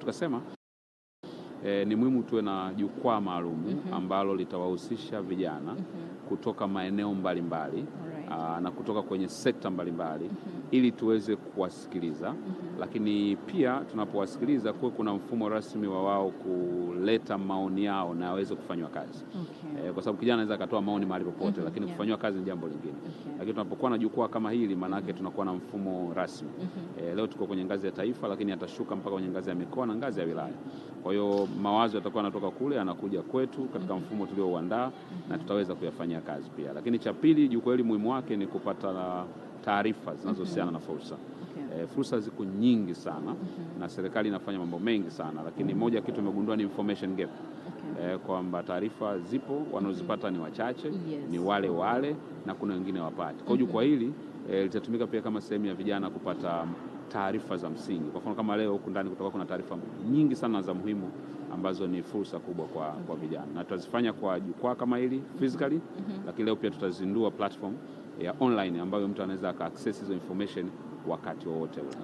Tukasema e, ni muhimu tuwe na jukwaa maalum mhm. ambalo litawahusisha vijana mhm. kutoka maeneo mbalimbali mbali. Uh, na kutoka kwenye sekta mbalimbali mm -hmm. ili tuweze kuwasikiliza mm -hmm. lakini pia tunapowasikiliza kuwe kuna mfumo rasmi wa wao kuleta maoni yao na aweze kufanywa kazi okay. E, kwa sababu kijana anaweza akatoa maoni mahali popote mm -hmm. lakini yeah. kufanywa kazi ni jambo lingine okay. Lakini tunapokuwa na jukwaa kama hili, maana yake tunakuwa na mfumo rasmi mm -hmm. E, leo tuko kwenye ngazi ya taifa, lakini atashuka mpaka kwenye ngazi ya mikoa na ngazi ya wilaya. Kwa hiyo mawazo yatakuwa yanatoka kule yanakuja kwetu katika mhm. mfumo tuliouandaa mm -hmm. na mhm. tutaweza kuyafanyia kazi pia, lakini cha pili jukwaa hili muhimu wake ni kupata taarifa zinazohusiana mm -hmm. na mm-hmm. fursa okay. E, fursa ziko nyingi sana mm -hmm. na serikali inafanya mambo mengi sana lakini mm-hmm. moja kitu imegundua ni information gap okay. E, kwamba taarifa zipo wanaozipata ni wachache yes. ni wale wale na kuna wengine wapate kwa hiyo jukwaa mm-hmm. hili e, litatumika pia kama sehemu ya vijana kupata mm, taarifa za msingi. Kwa mfano kama leo huku ndani kutoka kuna taarifa nyingi sana za muhimu ambazo ni fursa kubwa kwa, okay. kwa vijana na tutazifanya kwa jukwaa kama hili physically mm -hmm. lakini leo pia tutazindua platform ya online ambayo mtu anaweza aka hizo information wakati wowote ule.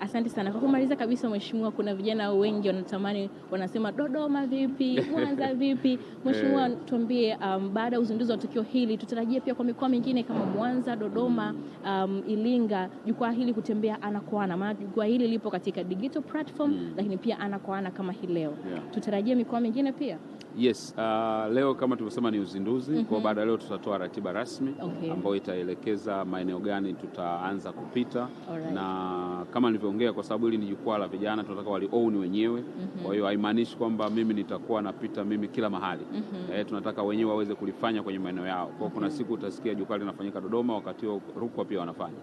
Asante sana kwa kumaliza kabisa, mheshimiwa, kuna vijana wengi wanatamani, wanasema Dodoma vipi, Mwanza vipi? Mheshimiwa, eh. tuambie um, baada ya uzinduzi wa tukio hili tutarajie pia kwa mikoa mingine kama Mwanza, Dodoma, um, Ilinga, jukwaa hili kutembea ana kwa ana, maana jukwaa hili lipo katika digital platform mm. lakini pia ana kwa ana kama hii leo yeah. tutarajie mikoa mingine pia Yes, uh, leo kama tulivyosema ni uzinduzi mm -hmm. Kwa baada leo tutatoa ratiba rasmi okay. ambayo itaelekeza maeneo gani tutaanza kupita right. na kama nilivyo tukiongea, kwa sababu hili ni jukwaa la vijana, tunataka wali own wenyewe. Mhm. Kwa hiyo haimaanishi kwamba mimi nitakuwa napita mimi kila mahali mm -hmm. E, tunataka wenyewe waweze kulifanya kwenye maeneo yao kwa mm -hmm. Kuna mhm. siku utasikia jukwaa linafanyika Dodoma, wakati huo Rukwa pia wanafanya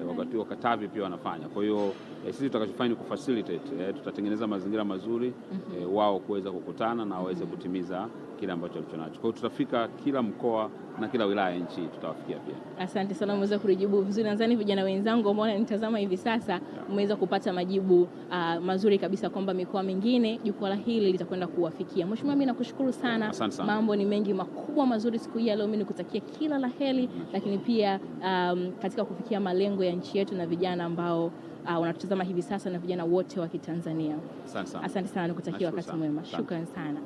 e, wakati huo Katavi pia wanafanya. Kwa hiyo e, sisi tutakachofanya ni kufacilitate e, tutatengeneza mazingira mazuri mm -hmm. e, wao kuweza kukutana na waweze mhm. kutimiza kile ambacho alichonacho. Kwa hiyo tutafika kila mkoa na kila wilaya nchi tutawafikia pia. Asante sana, umeweza kulijibu vizuri. Nadhani vijana wenzangu ambao wananitazama hivi sasa umeweza kupata majibu uh, mazuri kabisa kwamba mikoa mingine jukwaa hili litakwenda kuwafikia. Mheshimiwa, mimi nakushukuru sana. Asante sana. Mambo ni mengi makubwa mazuri siku hii ya leo, mimi nikutakia kila la heri, lakini pia um, katika kufikia malengo ya nchi yetu na vijana ambao uh, wanatutazama hivi sasa na vijana wote wa Kitanzania. Asante sana, nikutakia wakati mwema. Shukrani sana,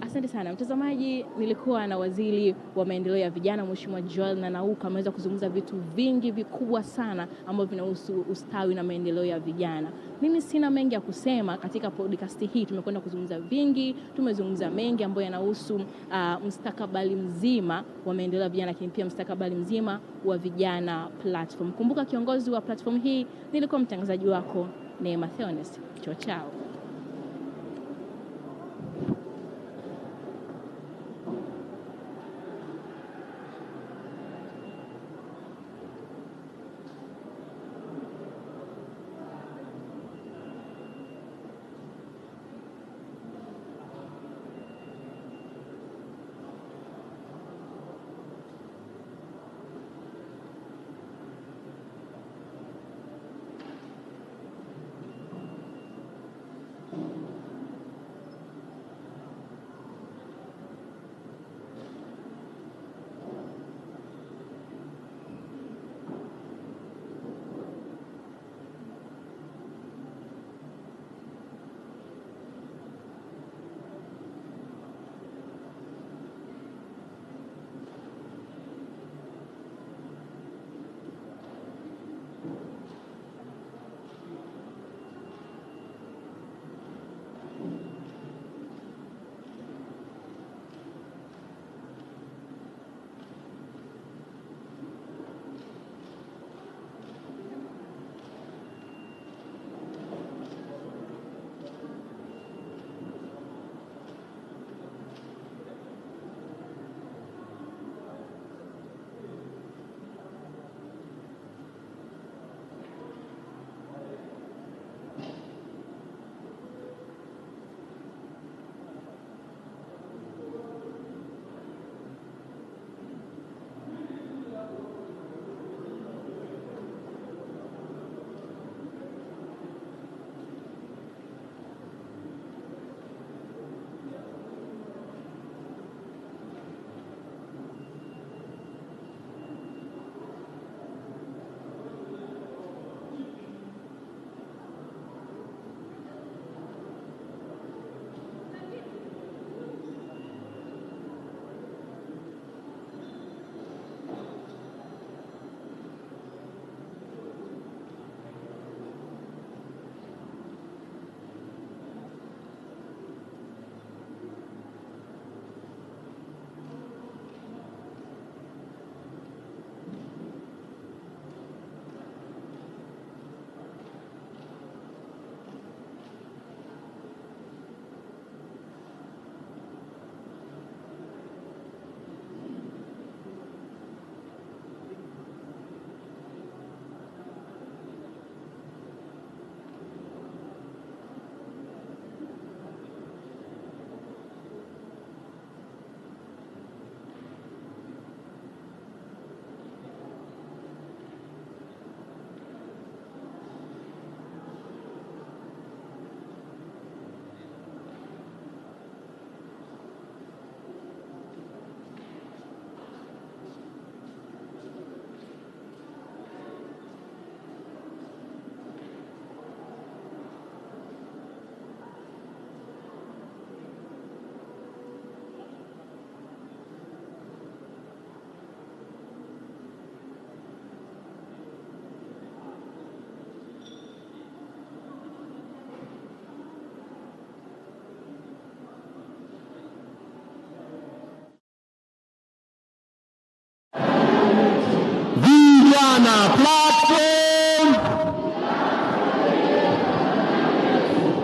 asante sana mtazamaji. Nilikuwa na waziri wa maendeleo ya vijana Mheshimiwa Joel Nanauka, ameweza kuzungumza vitu vingi vikubwa sana ambavyo vinahusu ustawi na maendeleo ya vijana. Mimi sina mengi ya kusema katika podcast hii, tumekwenda kuzungumza vingi, tumezungumza mengi ambayo yanahusu uh, ah, mstakabali mzima wa maendeleo ya vijana, lakini pia mstakabali mzima wa vijana platform. Kumbuka kiongozi wa platform hii nilikuwa mtangazaji wako Neema Theonest, chochao Chao. na platform.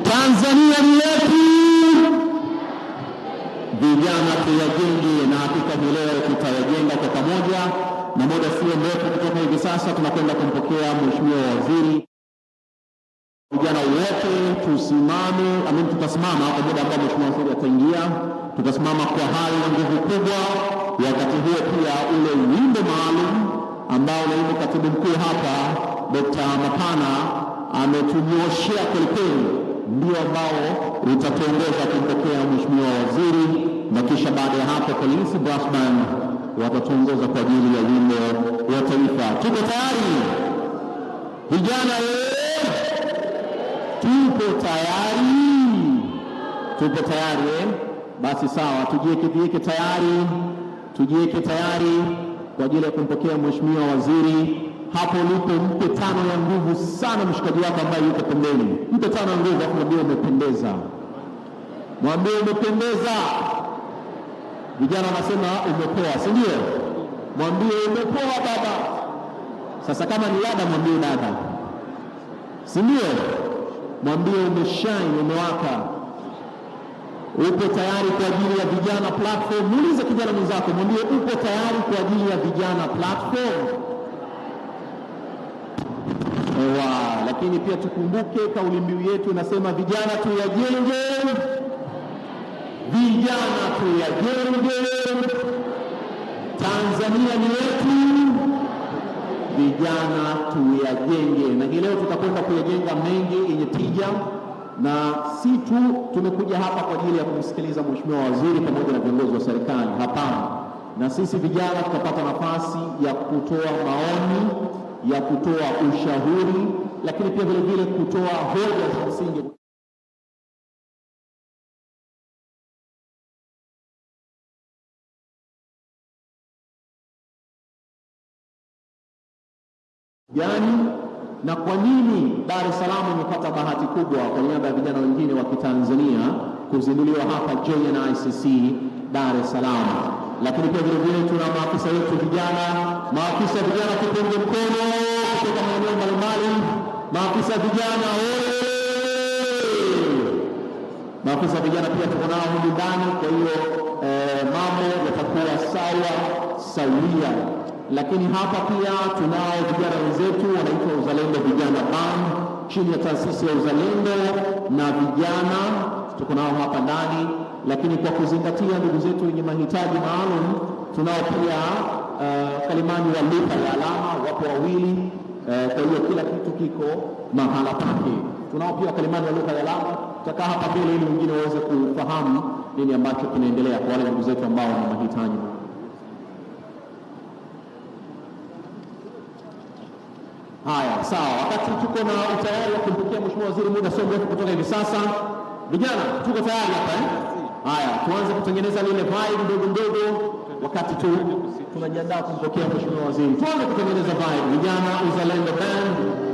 Tanzania ni yetu, vijana tuyajenge, na hakika leo tutayajenga kwa pamoja, na muda sio mrefu kutoka hivi sasa tunakwenda kumpokea mheshimiwa waziri. Vijana wote tusimame, amini tutasimama kwa muda ambao mheshimiwa waziri ataingia. Tutasimama kwa hali na nguvu kubwa. Wakati huo pia ule wimbo maalum ambao naibu katibu mkuu hapa Dr. Mapana ametunyoshea kwelikweli, ndio ambao utatuongoza kumpokea mheshimiwa waziri, na kisha baada ya hapo polisi brasman watatuongoza kwa ajili ya wimbo wa taifa. Tuko tayari vijana? Tupo tayari, tupo tayari. Eh? Basi sawa, tujiweke tayari, tujiweke tayari kwa ajili ya kumpokea mheshimiwa waziri. Hapo lipo mpe tano ya nguvu sana mshikaji wako ambaye yuko pembeni, mpe tano ya nguvu, afu mwambie umependeza, mwambie umependeza. Vijana wanasema umepoa, si ndio? Mwambie umepoa baba. Sasa kama ni dada, mwambie dada, si ndio? Mwambie umeshine, umewaka upo tayari kwa ajili ya vijana platform? Muulize kijana mwenzako, mwambie upo tayari kwa ajili ya vijana platform. Ewa, lakini pia tukumbuke kauli mbiu yetu inasema vijana tuyajenge, vijana tuyajenge, Tanzania ni yetu, vijana tuyajenge. Na hii leo tutakwenda kuyajenga mengi yenye tija na si tu tumekuja hapa kwa ajili ya kumsikiliza mheshimiwa waziri pamoja na viongozi wa serikali. Hapana, na sisi vijana tutapata nafasi ya kutoa maoni, ya kutoa ushauri, lakini pia vile vile kutoa hoja za msingi. Yani, na kwa nini Dar es Salaam imepata bahati kubwa kwa niaba ya vijana wengine wa Kitanzania kuzinduliwa hapa Joya na ICC Dar es Salaam. Lakini pia vilevile tuna maafisa wetu vijana, maafisa vijana kipunge mkono kutoka maeneo mbalimbali, maafisa vijana maafisa vijana pia tuko nao humu ndani. Kwa hiyo eh, mambo yatakuwa sawa sawia lakini hapa pia tunao vijana wenzetu wanaitwa Uzalendo Vijana Band chini ya taasisi ya Uzalendo na vijana tuko nao hapa ndani, lakini kwa kuzingatia ndugu zetu wenye mahitaji maalum tunao pia uh, Kalimani wa lugha ya alama wapo wawili. Uh, kwa hiyo kila kitu kiko mahala pake. Tunao pia Kalimani wa lugha ya alama, tutakaa hapa mbele ili wengine waweze kufahamu nini ambacho kinaendelea kwa wale ndugu zetu ambao wana mahitaji Haya, sawa. Wakati tuko na utayari wa kumpokea mheshimiwa waziri muda sio mrefu kutoka hivi sasa. Vijana tuko tayari hapa eh? Haya, tuanze kutengeneza lile vibe ndogo ndogo wakati tu tunajiandaa kumpokea mheshimiwa waziri. Tuanze kutengeneza vibe, vijana Uzalendo Band.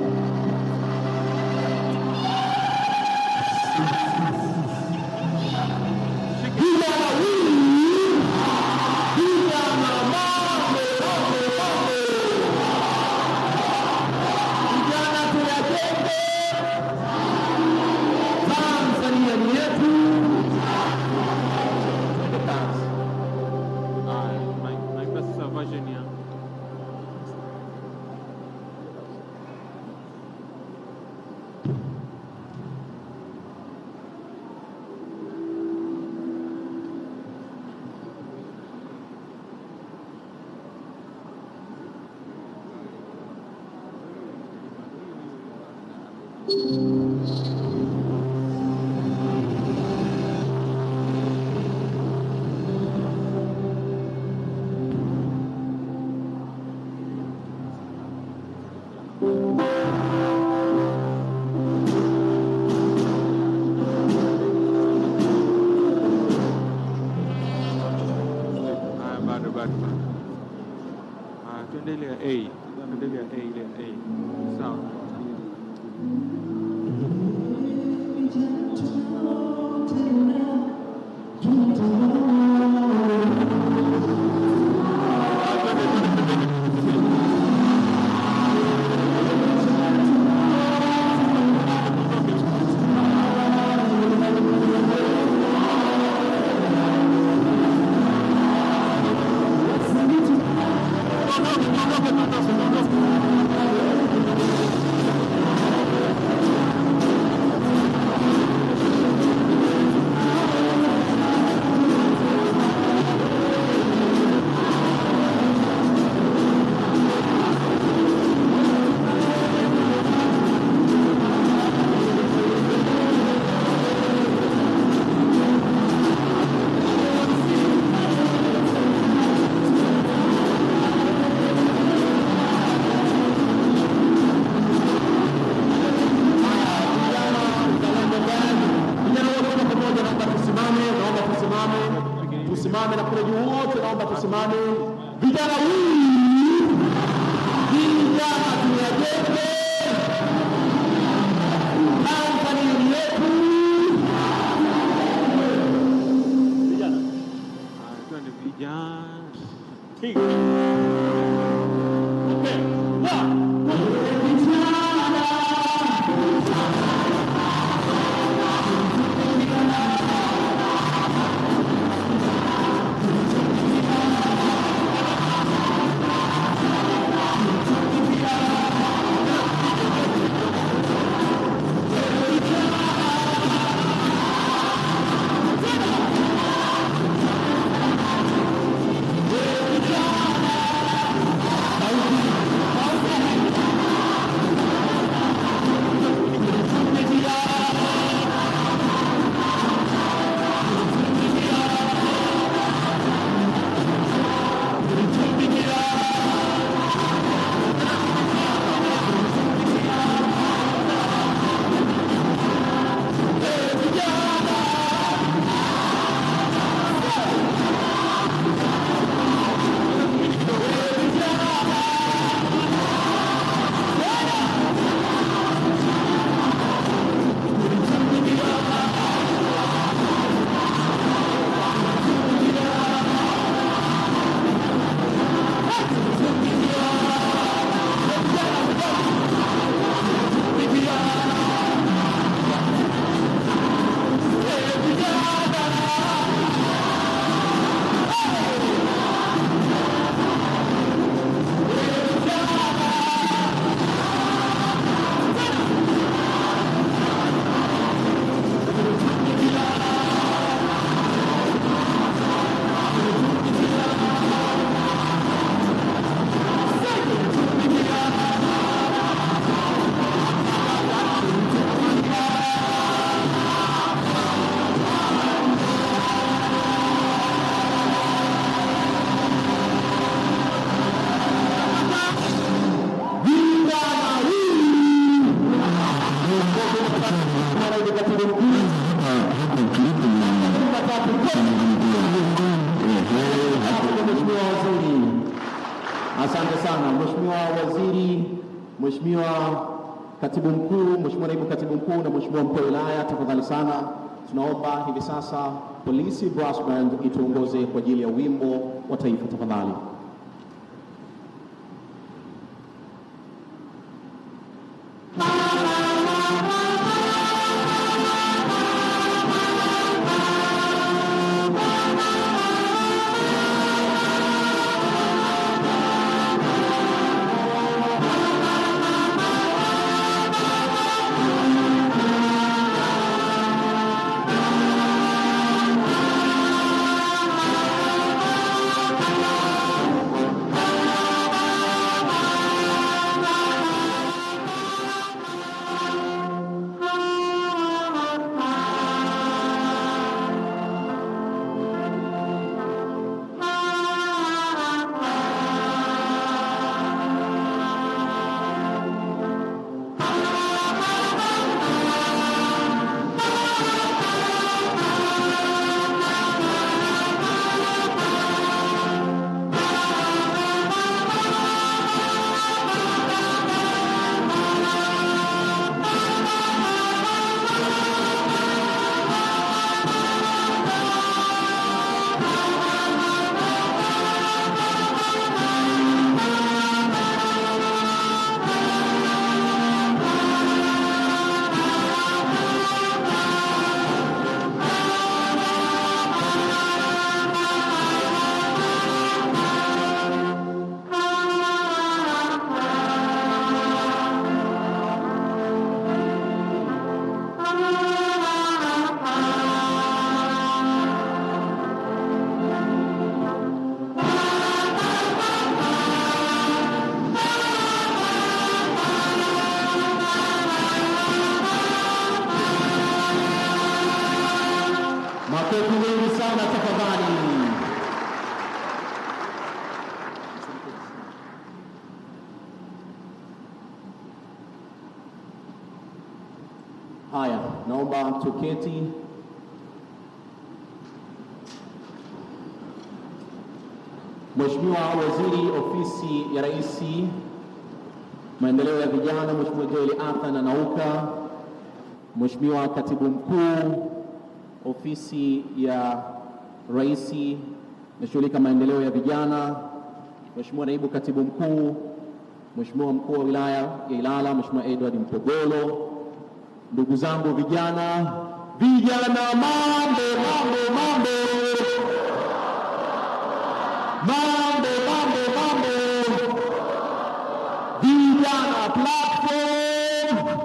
hivi sasa polisi brass band ituongoze kwa ajili ya wimbo wa taifa tafadhali. wameketi Mheshimiwa Waziri Ofisi ya Rais Maendeleo ya Vijana, Mheshimiwa Joel Athan Nanauka, Mheshimiwa Katibu Mkuu Ofisi ya Rais inashughulika maendeleo ya vijana, Mheshimiwa Naibu Katibu Mkuu, Mheshimiwa Mkuu wa Wilaya ya Ilala, Mheshimiwa Edward Mpogolo, ndugu zangu vijana Vijana mambo mambo mambo mambo mambo mambo, vijana platform,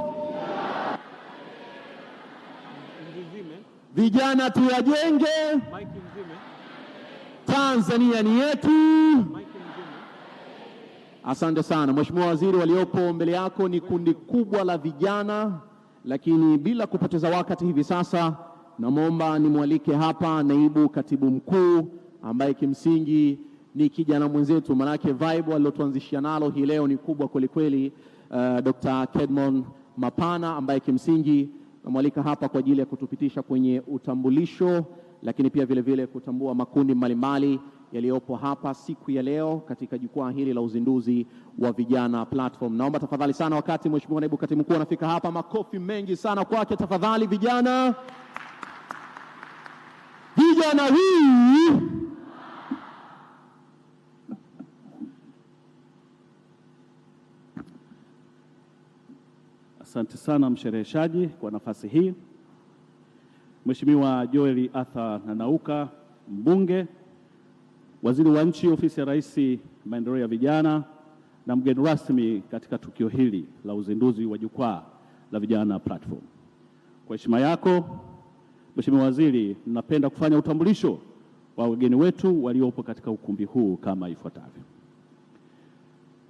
vijana tuyajenge. Tanzania ni yetu. Asante sana Mheshimiwa Waziri, waliopo mbele yako ni kundi kubwa la vijana lakini bila kupoteza wakati, hivi sasa namwomba nimwalike hapa naibu katibu mkuu ambaye kimsingi ni kijana mwenzetu, manake vibe alilotuanzishia nalo hii leo ni kubwa kwelikweli. Uh, eh, Dr. Kedmon Mapana ambaye kimsingi namwalika hapa kwa ajili ya kutupitisha kwenye utambulisho, lakini pia vilevile vile kutambua makundi mbalimbali yaliyopo hapa siku ya leo katika jukwaa hili la uzinduzi wa vijana platform. Naomba tafadhali sana, wakati mheshimiwa naibu katibu mkuu anafika hapa, makofi mengi sana kwake tafadhali. Vijana, vijana hii Asante sana mshereheshaji kwa nafasi hii. Mheshimiwa Joel Arthur Nanauka mbunge Waziri wa Nchi, Ofisi ya Rais, Maendeleo ya Vijana na mgeni rasmi katika tukio hili la uzinduzi wa jukwaa la vijana platform. Kwa heshima yako Mheshimiwa Waziri, napenda kufanya utambulisho wa wageni wetu waliopo katika ukumbi huu kama ifuatavyo.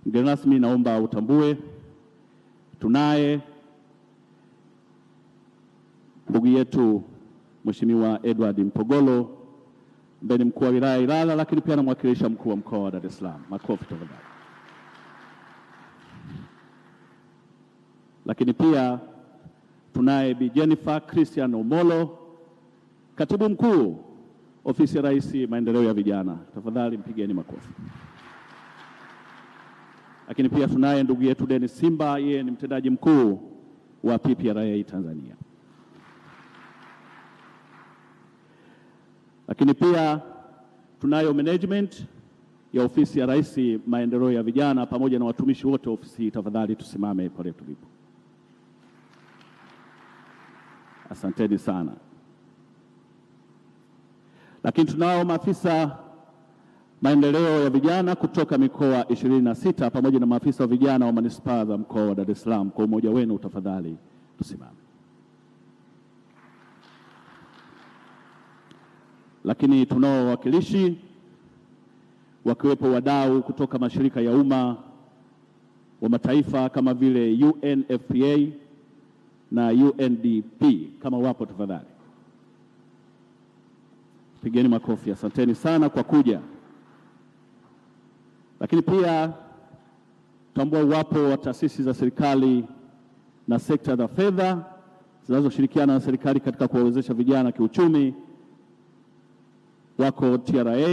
Mgeni rasmi, naomba utambue, tunaye ndugu yetu Mheshimiwa Edward Mpogolo ambaye ni mkuu wa wilaya Ilala, lakini pia anamwakilisha mkuu wa mkoa wa Dar es Salaam. Makofi tafadhali. Lakini pia tunaye Bi Jennifer Christian Omolo, katibu mkuu ofisi ya Rais maendeleo ya vijana, tafadhali mpigeni makofi. Lakini pia tunaye ndugu yetu Dennis Simba, yeye ni mtendaji mkuu wa PPRA Tanzania. Lakini pia tunayo management ya ofisi ya Rais maendeleo ya vijana pamoja na watumishi wote ofisi hii. Tafadhali tusimame pale tulipo. Asanteni sana. Lakini tunao maafisa maendeleo ya vijana kutoka mikoa 26 pamoja na maafisa wa vijana wa manispaa za mkoa wa Dar es Salaam. Kwa umoja wenu, tafadhali tusimame. lakini tunao wawakilishi wakiwepo wadau kutoka mashirika ya umma wa mataifa kama vile UNFPA na UNDP kama wapo tafadhali pigeni makofi. Asanteni sana kwa kuja, lakini pia tambua uwapo wa taasisi za serikali na sekta za fedha zinazoshirikiana na serikali katika kuwawezesha vijana kiuchumi wako TRA,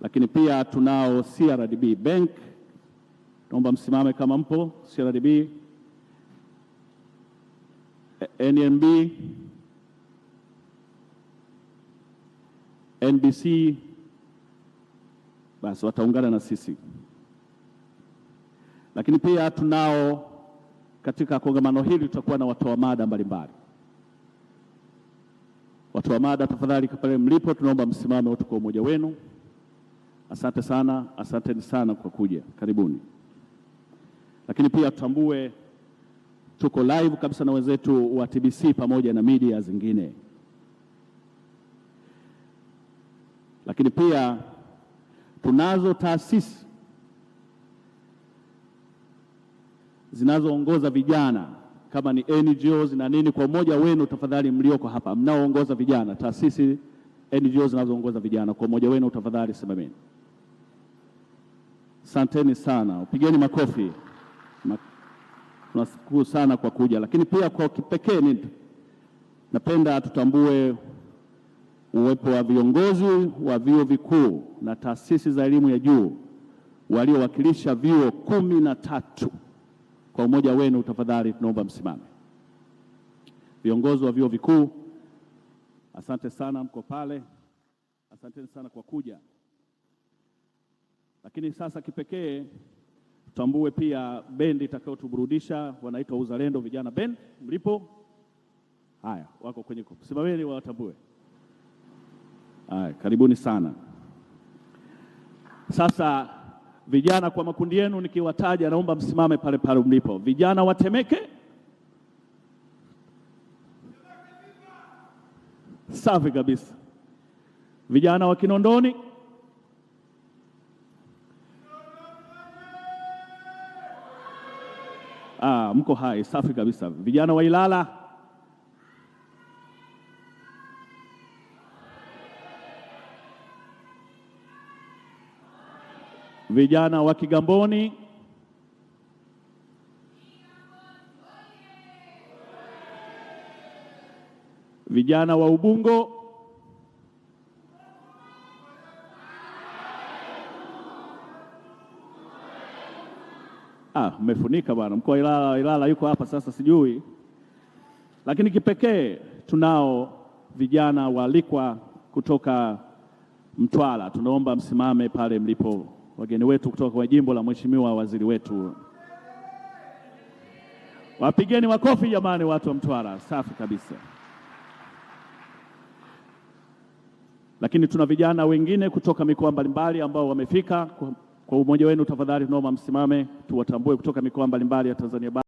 lakini pia tunao CRDB Bank. Naomba msimame kama mpo. CRDB, eh, NMB, NBC, basi wataungana na sisi, lakini pia tunao katika kongamano hili tutakuwa na watoa mada mbalimbali Watu wa mada, tafadhali pale mlipo, tunaomba msimame wote kwa umoja wenu. Asante sana, asanteni sana kwa kuja, karibuni. Lakini pia tutambue tuko live kabisa na wenzetu wa TBC pamoja na media zingine. Lakini pia tunazo taasisi zinazoongoza vijana kama ni NGOs na nini, kwa umoja wenu tafadhali, mlioko hapa mnaoongoza vijana, taasisi NGOs zinazoongoza vijana, kwa umoja wenu tafadhali simameni. Asanteni sana, upigeni makofi. Tunashukuru sana kwa kuja, lakini pia kwa kipekee napenda tutambue uwepo wa viongozi wa vyuo vikuu na taasisi za elimu ya juu waliowakilisha vyuo kumi na tatu kwa umoja wenu, tafadhali tunaomba msimame. Viongozi wa vyuo vikuu, asante sana, mko pale, asanteni sana kwa kuja. Lakini sasa kipekee tutambue pia bendi itakayotuburudisha, wanaitwa Uzalendo Vijana Bend. Mlipo haya, wako kwenye kupu, simameni wawatambue. Haya, karibuni sana sasa Vijana kwa makundi yenu nikiwataja, naomba msimame pale pale mlipo. Vijana wa Temeke, safi kabisa. Vijana wa Kinondoni, ah, mko hai, safi kabisa. Vijana wa Ilala Vijana wa Kigamboni, vijana wa Ubungo, ah, mmefunika bwana. Mkoa Ilala, Ilala yuko hapa sasa, sijui lakini kipekee tunao vijana waalikwa kutoka Mtwara, tunaomba msimame pale mlipo wageni wetu kutoka kwa jimbo la mheshimiwa waziri wetu. Wapigeni makofi jamani, watu wa Mtwara, safi kabisa. Lakini tuna vijana wengine kutoka mikoa mbalimbali ambao wamefika. Kwa umoja wenu tafadhali, tunaomba msimame tuwatambue kutoka mikoa mbalimbali ya Tanzania.